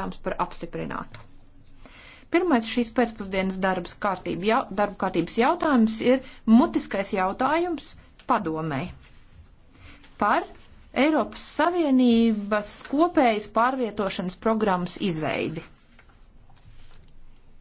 uzskatāms par apstiprinātu. Pirmais šīs pēcpusdienas darbas kārtība, ja, darba kārtības jautājums ir mutiskais jautājums padomēji par Eiropas Savienības kopējas pārvietošanas programmas izveidi.